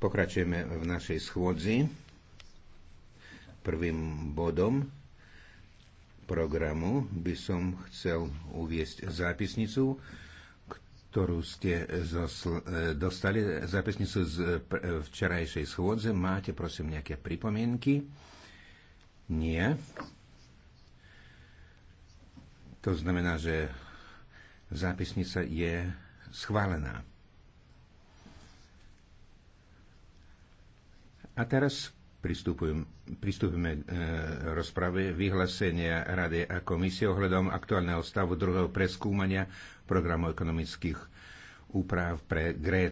Pokračujeme v našej schôdzi prvým bodom programu by som chcel uviesť zápisnicu, ktorú ste eh, dostali, zápisnicu z eh, včerajšej schôdze. Máte, prosím, nejaké pripomienky? Nie. To znamená, že zápisnica je schválená. A teraz pristúpime k e, rozprave vyhlásenia Rady a komisie ohľadom aktuálneho stavu druhého preskúmania programu ekonomických úprav pre Grécko.